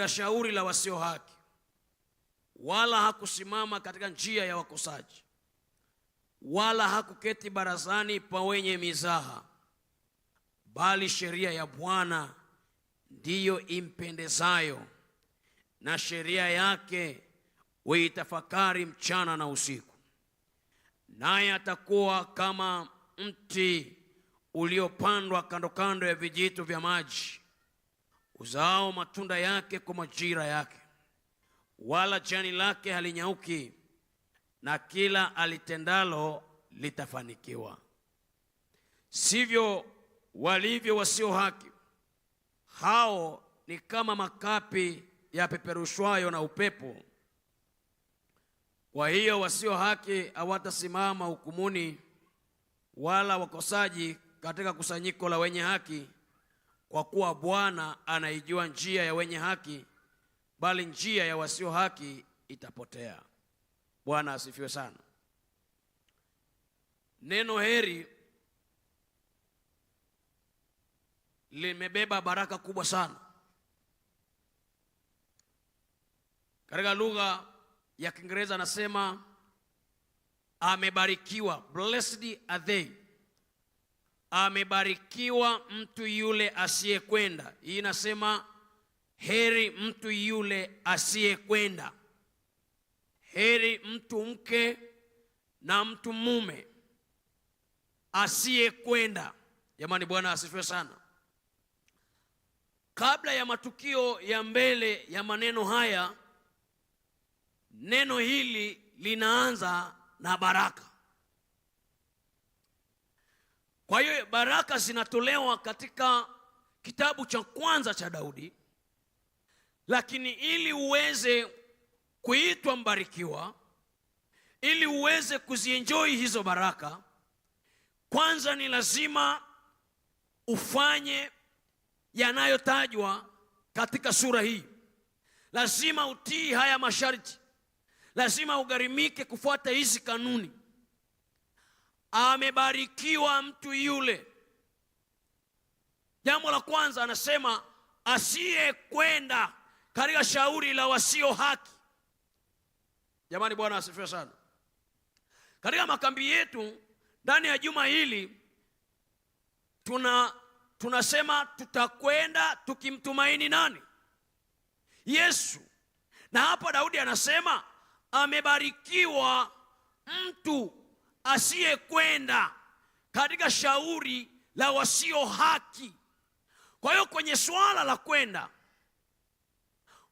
la shauri la wasio haki, wala hakusimama katika njia ya wakosaji, wala hakuketi barazani pa wenye mizaha, bali sheria ya Bwana ndiyo impendezayo, na sheria yake huitafakari mchana na usiku. Naye atakuwa kama mti uliopandwa kando kando ya vijito vya maji uzao matunda yake kwa majira yake, wala jani lake halinyauki, na kila alitendalo litafanikiwa. Sivyo walivyo wasio haki, hao ni kama makapi yapeperushwayo na upepo. Kwa hiyo wasio haki hawatasimama hukumuni, wala wakosaji katika kusanyiko la wenye haki kwa kuwa Bwana anaijua njia ya wenye haki, bali njia ya wasio haki itapotea. Bwana asifiwe sana. Neno heri limebeba baraka kubwa sana. Katika lugha ya Kiingereza anasema amebarikiwa, blessed are they amebarikiwa mtu yule asiyekwenda. Hii inasema heri mtu yule asiyekwenda, heri mtu mke na mtu mume asiyekwenda. Jamani, Bwana asifiwe sana. Kabla ya matukio ya mbele ya maneno haya, neno hili linaanza na baraka. Kwa hiyo baraka zinatolewa katika kitabu cha kwanza cha Daudi, lakini ili uweze kuitwa mbarikiwa, ili uweze kuzienjoi hizo baraka, kwanza ni lazima ufanye yanayotajwa katika sura hii. Lazima utii haya masharti, lazima ugharimike kufuata hizi kanuni amebarikiwa mtu yule. Jambo la kwanza anasema asiyekwenda katika shauri la wasio haki. Jamani, Bwana asifiwe sana. Katika makambi yetu ndani ya juma hili tuna tunasema tutakwenda tukimtumaini nani? Yesu. Na hapa Daudi anasema amebarikiwa mtu asiyekwenda katika shauri la wasio haki. Kwa hiyo kwenye suala la kwenda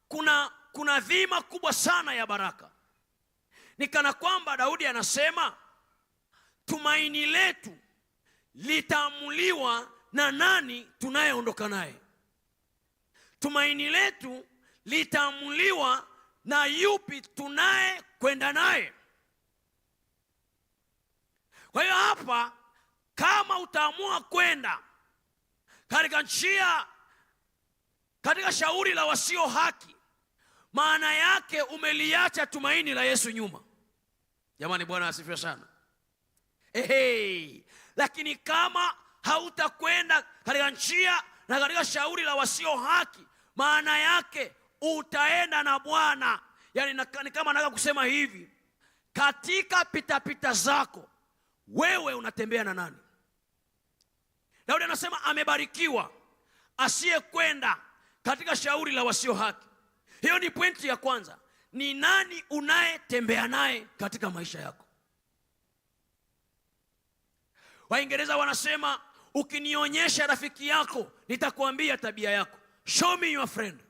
kuna, kuna dhima kubwa sana ya baraka. Ni kana kwamba Daudi anasema tumaini letu litaamuliwa na nani tunayeondoka naye. Tumaini letu litaamuliwa na yupi tunayekwenda naye. Kwa hiyo hapa, kama utaamua kwenda katika njia, katika shauri la wasio haki, maana yake umeliacha tumaini la Yesu nyuma. Jamani, Bwana asifiwe sana. Ehe, lakini kama hautakwenda katika njia na katika shauri la wasio haki, maana yake utaenda na Bwana. Yaani ni kama nataka kusema hivi, katika pitapita pita zako wewe unatembea na nani? Daudi anasema amebarikiwa asiyekwenda katika shauri la wasio haki. Hiyo ni pointi ya kwanza. Ni nani unayetembea naye katika maisha yako? Waingereza wanasema ukinionyesha rafiki yako nitakuambia tabia yako. Show me your friend.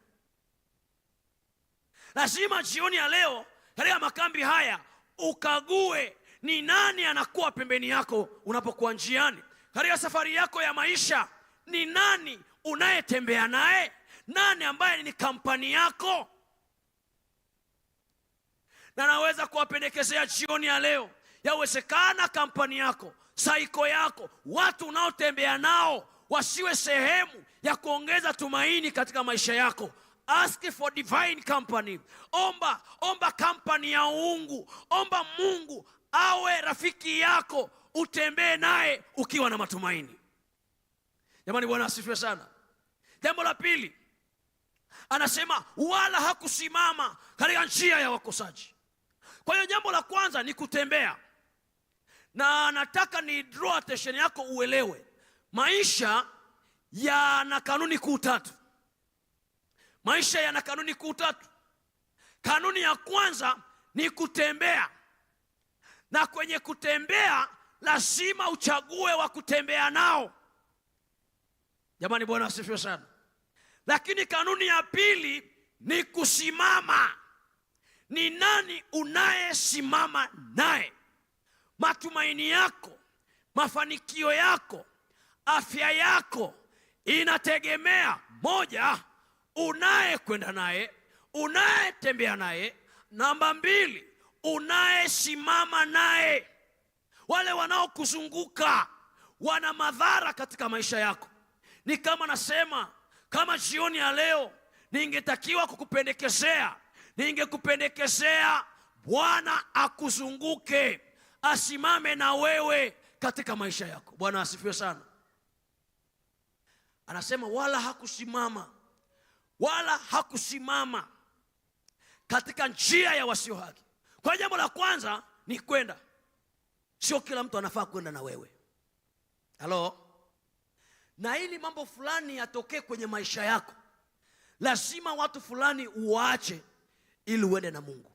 Lazima jioni ya leo katika makambi haya ukague ni nani anakuwa pembeni yako unapokuwa njiani katika safari yako ya maisha? Ni nani unayetembea naye? Nani ambaye ni kampani yako? Na naweza kuwapendekezea jioni ya leo, yawezekana kampani yako, saiko yako, watu unaotembea nao wasiwe sehemu ya kuongeza tumaini katika maisha yako. Ask for divine company. Omba, omba kampani ya uungu, omba Mungu awe rafiki yako, utembee naye ukiwa na matumaini. Jamani, Bwana asifiwe sana. Jambo la pili anasema wala hakusimama katika njia ya wakosaji. Kwa hiyo jambo la kwanza ni kutembea, na nataka ni draw attention yako uelewe, maisha yana kanuni kuu tatu. Maisha yana kanuni kuu tatu. Kanuni ya kwanza ni kutembea na kwenye kutembea lazima uchague wa kutembea nao. Jamani, Bwana asifiwe sana. Lakini kanuni ya pili ni kusimama. Ni nani unayesimama naye? Matumaini yako, mafanikio yako, afya yako inategemea moja, unayekwenda naye, unayetembea naye. Namba mbili unayesimama naye. Wale wanaokuzunguka wana madhara katika maisha yako. Ni kama nasema, kama jioni ya leo ningetakiwa kukupendekezea, ningekupendekezea Bwana akuzunguke, asimame na wewe katika maisha yako. Bwana asifiwe sana. Anasema wala hakusimama, wala hakusimama katika njia ya wasio haki kwa jambo la kwanza ni kwenda. Sio kila mtu anafaa kwenda na wewe. Halo? Na ili mambo fulani yatokee kwenye maisha yako, lazima watu fulani uwaache ili uende na Mungu.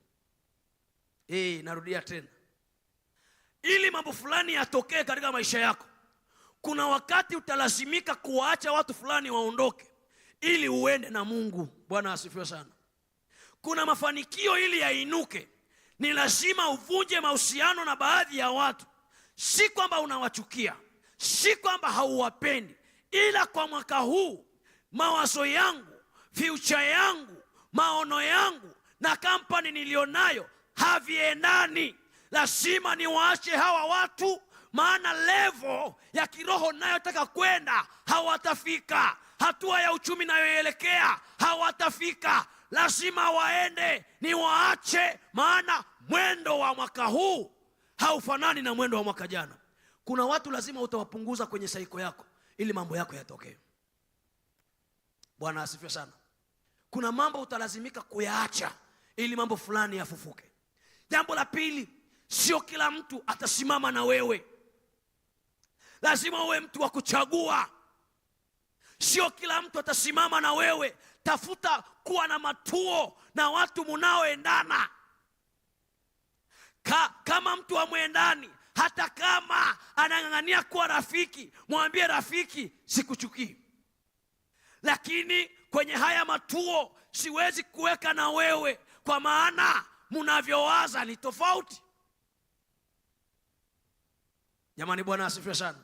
Eh, narudia tena. Ili mambo fulani yatokee katika maisha yako, kuna wakati utalazimika kuwaacha watu fulani waondoke ili uende na Mungu. Bwana asifiwe sana. Kuna mafanikio ili yainuke ni lazima uvunje mahusiano na baadhi ya watu, si kwamba unawachukia, si kwamba hauwapendi, ila kwa mwaka huu mawazo yangu, future yangu, maono yangu na kampani niliyonayo haviendani. Lazima niwaache hawa watu, maana levo ya kiroho nayotaka kwenda hawatafika, hatua ya uchumi nayoelekea hawatafika lazima waende, ni waache, maana mwendo wa mwaka huu haufanani na mwendo wa mwaka jana. Kuna watu lazima utawapunguza kwenye saiko yako ili mambo yako yatokee. Bwana asifiwe sana. Kuna mambo utalazimika kuyaacha ili mambo fulani yafufuke. Jambo la pili, sio kila mtu atasimama na wewe. Lazima uwe mtu wa kuchagua. Sio kila mtu atasimama na wewe, tafuta kuwa na matuo na watu munaoendana. Ka, kama mtu amwendani, hata kama anang'ang'ania kuwa rafiki, mwambie rafiki, sikuchukii, lakini kwenye haya matuo siwezi kuweka na wewe, kwa maana mnavyowaza ni tofauti. Jamani, Bwana asifiwe sana.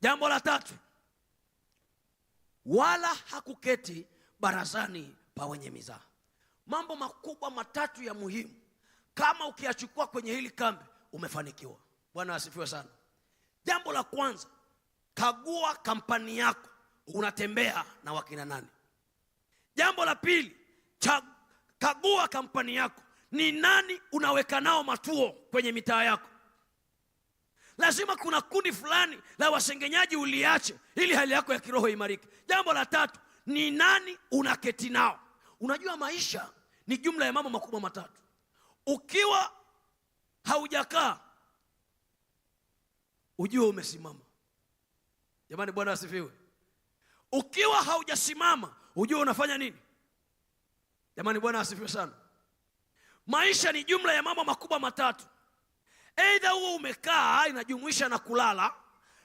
Jambo la tatu, wala hakuketi barazani pa wenye mizaa. Mambo makubwa matatu ya muhimu, kama ukiyachukua kwenye hili kambi umefanikiwa. Bwana asifiwe sana. Jambo la kwanza, kagua kampani yako, unatembea na wakina nani? Jambo la pili, kagua kampani yako, ni nani unaweka nao matuo kwenye mitaa yako. Lazima kuna kundi fulani la wasengenyaji uliache, ili hali yako ya kiroho imarike. Jambo la tatu, ni nani unaketi nao. Unajua maisha ni jumla ya mambo makubwa matatu. Ukiwa haujakaa ujue umesimama. Jamani, Bwana asifiwe. Ukiwa haujasimama ujue unafanya nini. Jamani, Bwana asifiwe sana. Maisha ni jumla ya mambo makubwa matatu. Aidha huo umekaa, inajumuisha na kulala,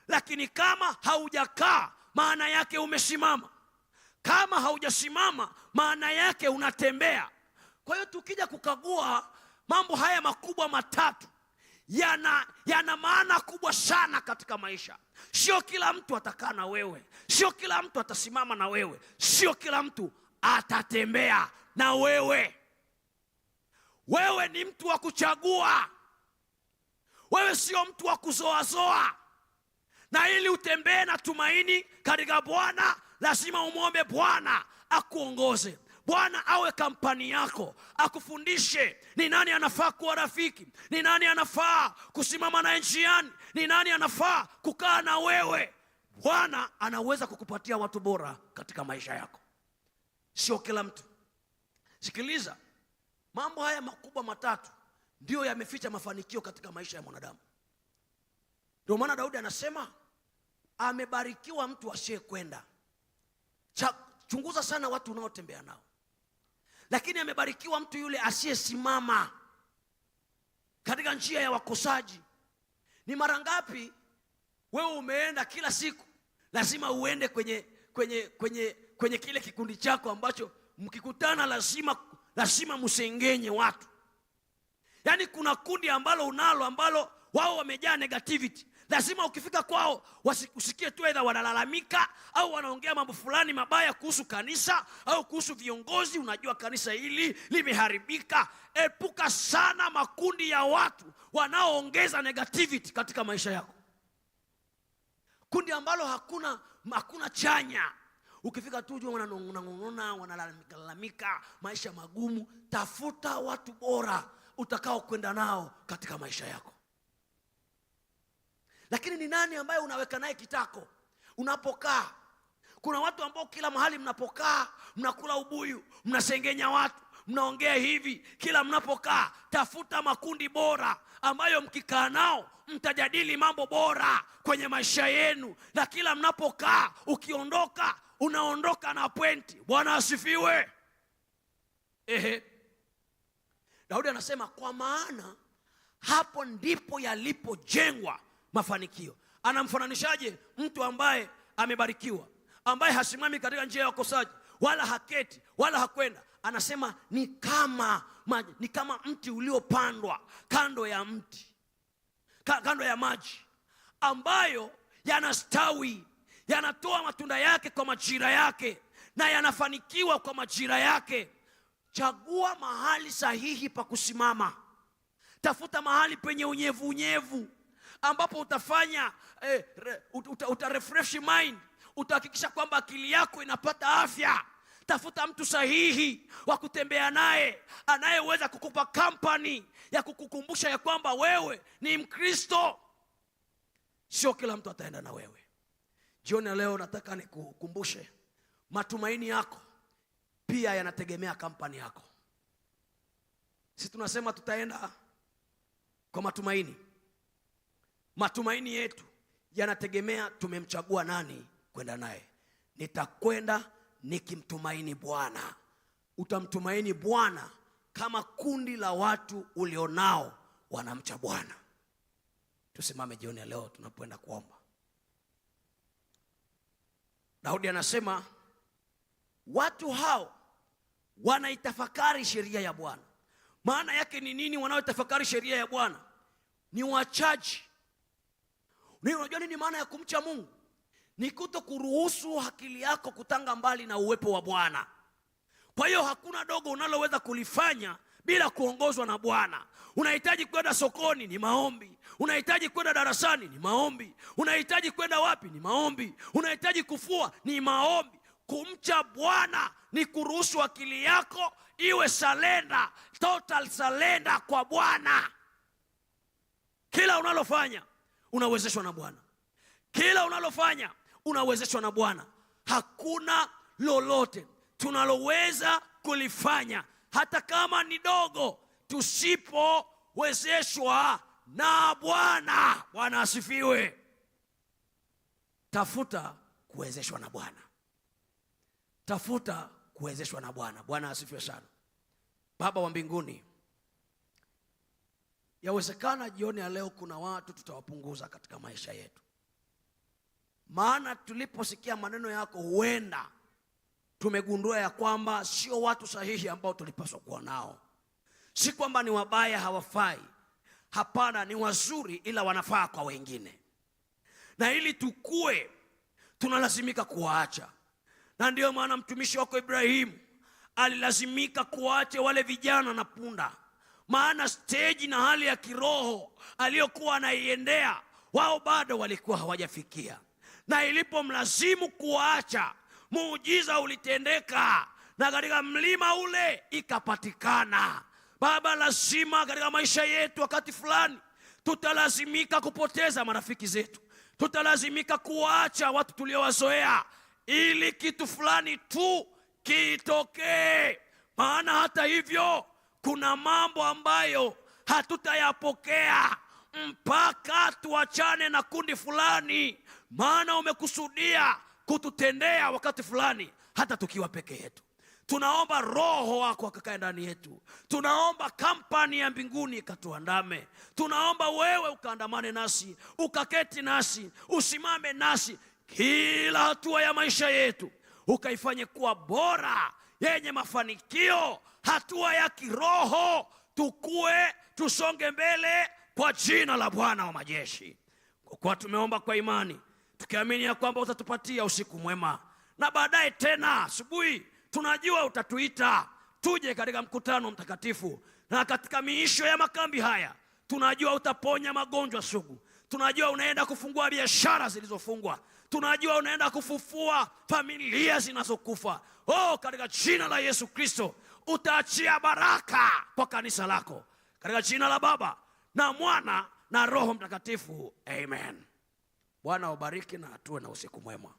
lakini kama haujakaa maana yake umesimama. Kama haujasimama, maana yake unatembea. Kwa hiyo tukija kukagua mambo haya makubwa matatu yana, yana maana kubwa sana katika maisha. Sio kila mtu atakaa na wewe, sio kila mtu atasimama na wewe, sio kila mtu atatembea na wewe. Wewe ni mtu wa kuchagua, wewe sio mtu wa kuzoazoa, na ili utembee na tumaini katika Bwana lazima umwombe Bwana akuongoze, Bwana awe kampani yako, akufundishe ni nani anafaa kuwa rafiki, ni nani anafaa kusimama naye njiani, ni nani anafaa kukaa na wewe. Bwana anaweza kukupatia watu bora katika maisha yako, sio kila mtu. Sikiliza, mambo haya makubwa matatu ndiyo yameficha mafanikio katika maisha ya mwanadamu. Ndio maana Daudi anasema amebarikiwa mtu asiyekwenda cha, chunguza sana watu unaotembea nao. Lakini amebarikiwa mtu yule asiyesimama katika njia ya wakosaji. Ni mara ngapi wewe umeenda kila siku, lazima uende kwenye kwenye kwenye kwenye kile kikundi chako ambacho mkikutana lazima lazima msengenye watu. Yaani kuna kundi ambalo unalo ambalo wao wamejaa negativity, lazima ukifika kwao usikie tu aidha wanalalamika au wanaongea mambo fulani mabaya kuhusu kanisa au kuhusu viongozi. Unajua kanisa hili limeharibika. Epuka sana makundi ya watu wanaoongeza negativity katika maisha yako, kundi ambalo hakuna hakuna chanya. Ukifika tu jua wananong'ona, wanalalamika, maisha magumu. Tafuta watu bora utakao kwenda nao katika maisha yako lakini ni nani ambaye unaweka naye kitako unapokaa? Kuna watu ambao kila mahali mnapokaa mnakula ubuyu, mnasengenya watu, mnaongea hivi kila mnapokaa. Tafuta makundi bora ambayo mkikaa nao mtajadili mambo bora kwenye maisha yenu, na kila mnapokaa, ukiondoka unaondoka na pointi. Bwana asifiwe. Ehe, Daudi anasema kwa maana hapo ndipo yalipojengwa mafanikio. Anamfananishaje mtu ambaye amebarikiwa, ambaye hasimami katika njia ya wakosaji, wala haketi wala hakwenda? Anasema ni kama maji, ni kama mti uliopandwa kando ya mti kando ya maji ambayo yanastawi yanatoa matunda yake kwa majira yake na yanafanikiwa kwa majira yake. Chagua mahali sahihi pa kusimama, tafuta mahali penye unyevu unyevu ambapo utafanya eh, re, uta, uta refresh mind, utahakikisha kwamba akili yako inapata afya. Tafuta mtu sahihi wa kutembea naye anayeweza kukupa kampani ya kukukumbusha ya kwamba wewe ni Mkristo. Sio kila mtu ataenda na wewe. Jioni ya leo nataka nikukumbushe, matumaini yako pia yanategemea kampani yako. si tunasema tutaenda kwa matumaini Matumaini yetu yanategemea tumemchagua nani kwenda naye. Nitakwenda nikimtumaini Bwana. Utamtumaini Bwana kama kundi la watu ulionao wanamcha Bwana. Tusimame jioni ya leo tunapoenda kuomba. Daudi anasema watu hao wanaitafakari sheria ya Bwana. Maana yake ni nini? Wanaotafakari sheria ya Bwana ni wachaji Unajua nini maana ya kumcha Mungu? Ni kuto kuruhusu akili yako kutanga mbali na uwepo wa Bwana. Kwa hiyo hakuna dogo unaloweza kulifanya bila kuongozwa na Bwana. Unahitaji kwenda sokoni, ni maombi. Unahitaji kwenda darasani, ni maombi. Unahitaji kwenda wapi, ni maombi. Unahitaji kufua, ni maombi. Kumcha Bwana ni kuruhusu akili yako iwe salenda, total salenda kwa Bwana, kila unalofanya unawezeshwa na Bwana. Kila unalofanya unawezeshwa na Bwana. Hakuna lolote tunaloweza kulifanya hata kama ni dogo tusipowezeshwa na Bwana. Bwana asifiwe. Tafuta kuwezeshwa na Bwana, tafuta kuwezeshwa na Bwana. Bwana asifiwe sana. Baba wa mbinguni Yawezekana jioni ya leo kuna watu tutawapunguza katika maisha yetu, maana tuliposikia maneno yako, huenda tumegundua ya kwamba sio watu sahihi ambao tulipaswa kuwa nao. Si kwamba ni wabaya, hawafai. Hapana, ni wazuri, ila wanafaa kwa wengine, na ili tukue tunalazimika kuwaacha, na ndiyo maana mtumishi wako Ibrahimu alilazimika kuwaacha wale vijana na punda maana steji na hali ya kiroho aliyokuwa anaiendea wao bado walikuwa hawajafikia, na ilipomlazimu kuacha, muujiza ulitendeka na katika mlima ule ikapatikana. Baba, lazima katika maisha yetu wakati fulani tutalazimika kupoteza marafiki zetu, tutalazimika kuacha watu tuliowazoea ili kitu fulani tu kitokee. Maana hata hivyo kuna mambo ambayo hatutayapokea mpaka tuachane na kundi fulani, maana umekusudia kututendea wakati fulani, hata tukiwa peke yetu. Tunaomba Roho wako akakae ndani yetu. Tunaomba kampani ya mbinguni ikatuandame. Tunaomba wewe ukaandamane nasi, ukaketi nasi, usimame nasi kila hatua ya maisha yetu, ukaifanye kuwa bora yenye mafanikio hatua ya kiroho, tukue, tusonge mbele kwa jina la Bwana wa majeshi. Kwa kuwa tumeomba kwa imani tukiamini ya kwamba utatupatia usiku mwema, na baadaye tena asubuhi tunajua utatuita tuje katika mkutano mtakatifu, na katika miisho ya makambi haya tunajua utaponya magonjwa sugu, tunajua unaenda kufungua biashara zilizofungwa, tunajua unaenda kufufua familia zinazokufa. Oh, katika jina la Yesu Kristo utaachia baraka kwa kanisa lako katika jina la Baba na Mwana na Roho Mtakatifu, amen. Bwana ubariki na atue na usiku mwema.